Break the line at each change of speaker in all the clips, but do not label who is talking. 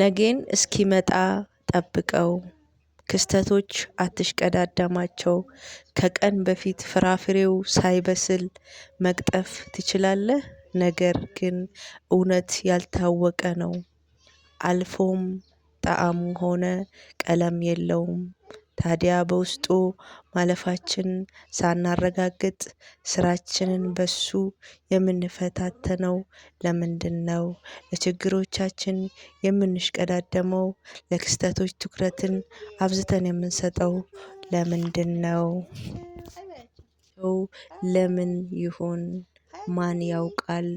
ነገን እስኪመጣ ጠብቀው ክስተቶች አትሽቀዳደማቸው ከቀን በፊት ፍራፍሬው ሳይበስል መቅጠፍ ትችላለህ ነገር ግን እውነት ያልታወቀ ነው። አልፎም ጣዕሙ ሆነ ቀለም የለውም ታዲያ በውስጡ ማለፋችን ሳናረጋግጥ ስራችንን በሱ የምንፈታተነው ለምንድን ነው? ለችግሮቻችን የምንሽቀዳደመው ለክስተቶች ትኩረትን አብዝተን የምንሰጠው ለምንድን ነው? ለምን ይሁን ማን ያውቃል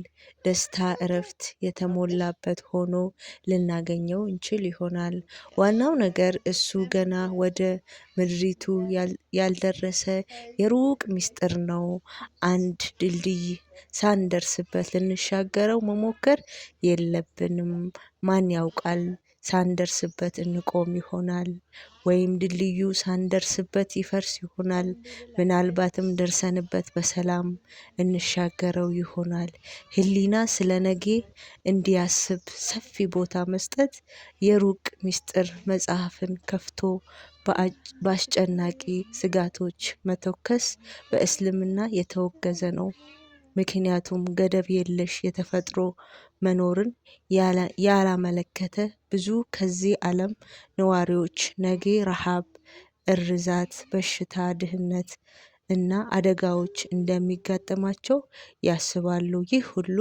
ደስታ እረፍት የተሞላበት ሆኖ ልናገኘው እንችል ይሆናል። ዋናው ነገር እሱ ገና ወደ ምድሪቱ ያልደረሰ የሩቅ ምስጢር ነው። አንድ ድልድይ ሳንደርስበት ልንሻገረው መሞከር የለብንም። ማን ያውቃል ሳንደርስበት እንቆም ይሆናል ወይም ድልድዩ ሳንደርስበት ይፈርስ ይሆናል ምናልባትም ደርሰንበት በሰላም እንሻገረው ይሆናል። ህሊና ስለ ነጌ እንዲያስብ ሰፊ ቦታ መስጠት የሩቅ ምስጢር መጽሐፍን ከፍቶ በአስጨናቂ ስጋቶች መተኮስ በእስልምና የተወገዘ ነው። ምክንያቱም ገደብ የለሽ የተፈጥሮ መኖርን ያላመለከተ ብዙ ከዚህ ዓለም ነዋሪዎች ነገ ረሃብ፣ እርዛት፣ በሽታ፣ ድህነት እና አደጋዎች እንደሚጋጠማቸው ያስባሉ። ይህ ሁሉ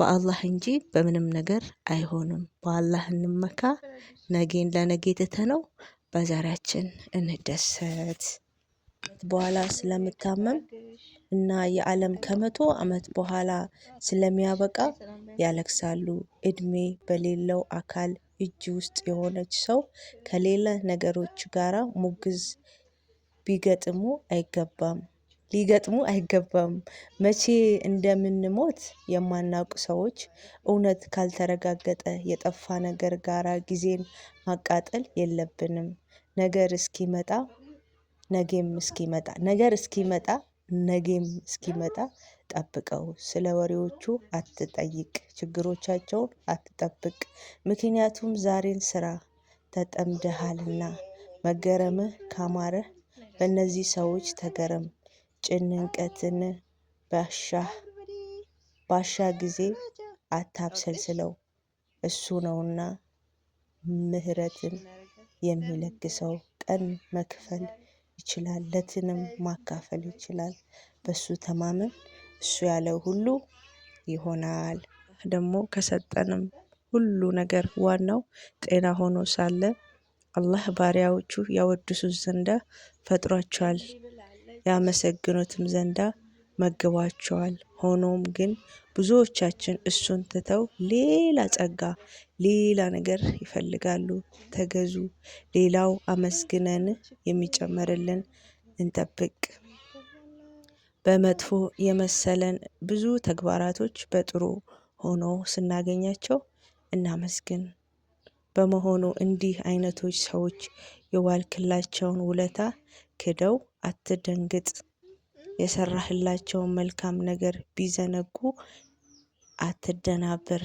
በአላህ እንጂ በምንም ነገር አይሆንም። በአላህ እንመካ። ነጌን ለነጌ ትተነው በዛሬያችን እንደሰት። በኋላ ስለምታመም እና የዓለም ከመቶ ዓመት በኋላ ስለሚያበቃ ያለቅሳሉ። እድሜ በሌለው አካል እጅ ውስጥ የሆነች ሰው ከሌለ ነገሮች ጋራ ሙግዝ ቢገጥሙ አይገባም ሊገጥሙ አይገባም። መቼ እንደምንሞት የማናውቅ ሰዎች እውነት ካልተረጋገጠ የጠፋ ነገር ጋራ ጊዜን ማቃጠል የለብንም። ነገር እስኪመጣ ነገም እስኪመጣ ነገር እስኪመጣ ነገም እስኪመጣ ጠብቀው ስለ ወሬዎቹ አትጠይቅ ችግሮቻቸውን አትጠብቅ ምክንያቱም ዛሬን ስራ ተጠምደሃልና መገረምህ ካማረህ በእነዚህ ሰዎች ተገረም ጭንቀትን ባሻ ጊዜ አታብሰልስለው እሱ ነውና ምህረትን የሚለግሰው ቀን መክፈል ይችላል፣ ለትንም ማካፈል ይችላል። በሱ ተማመን እሱ ያለው ሁሉ ይሆናል። ደግሞ ከሰጠንም ሁሉ ነገር ዋናው ጤና ሆኖ ሳለ አላህ ባሪያዎቹ ያወድሱት ዘንዳ ፈጥሯቸዋል፣ ያመሰግኑትም ዘንዳ መግቧቸዋል። ሆኖም ግን ብዙዎቻችን እሱን ትተው ሌላ ጸጋ፣ ሌላ ነገር ይፈልጋሉ። ተገዙ፣ ሌላው አመስግነን የሚጨመርልን እንጠብቅ። በመጥፎ የመሰለን ብዙ ተግባራቶች በጥሩ ሆኖ ስናገኛቸው እናመስግን። በመሆኑ እንዲህ አይነቶች ሰዎች የዋልክላቸውን ውለታ ክደው አትደንግጥ። የሰራህላቸውን መልካም ነገር ቢዘነጉ አትደናበር።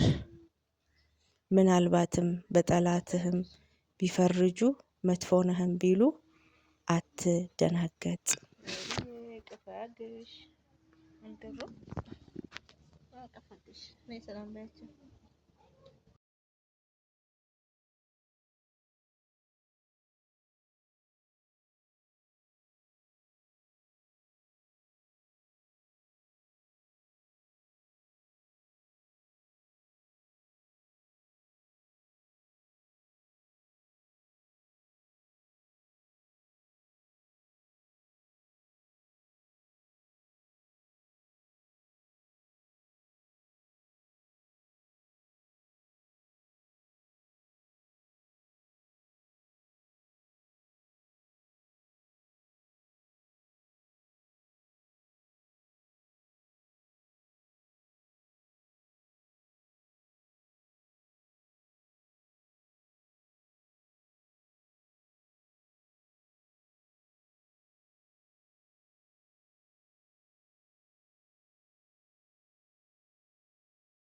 ምናልባትም በጠላትህም ቢፈርጁ መጥፎ ነህም ቢሉ አትደናገጥ።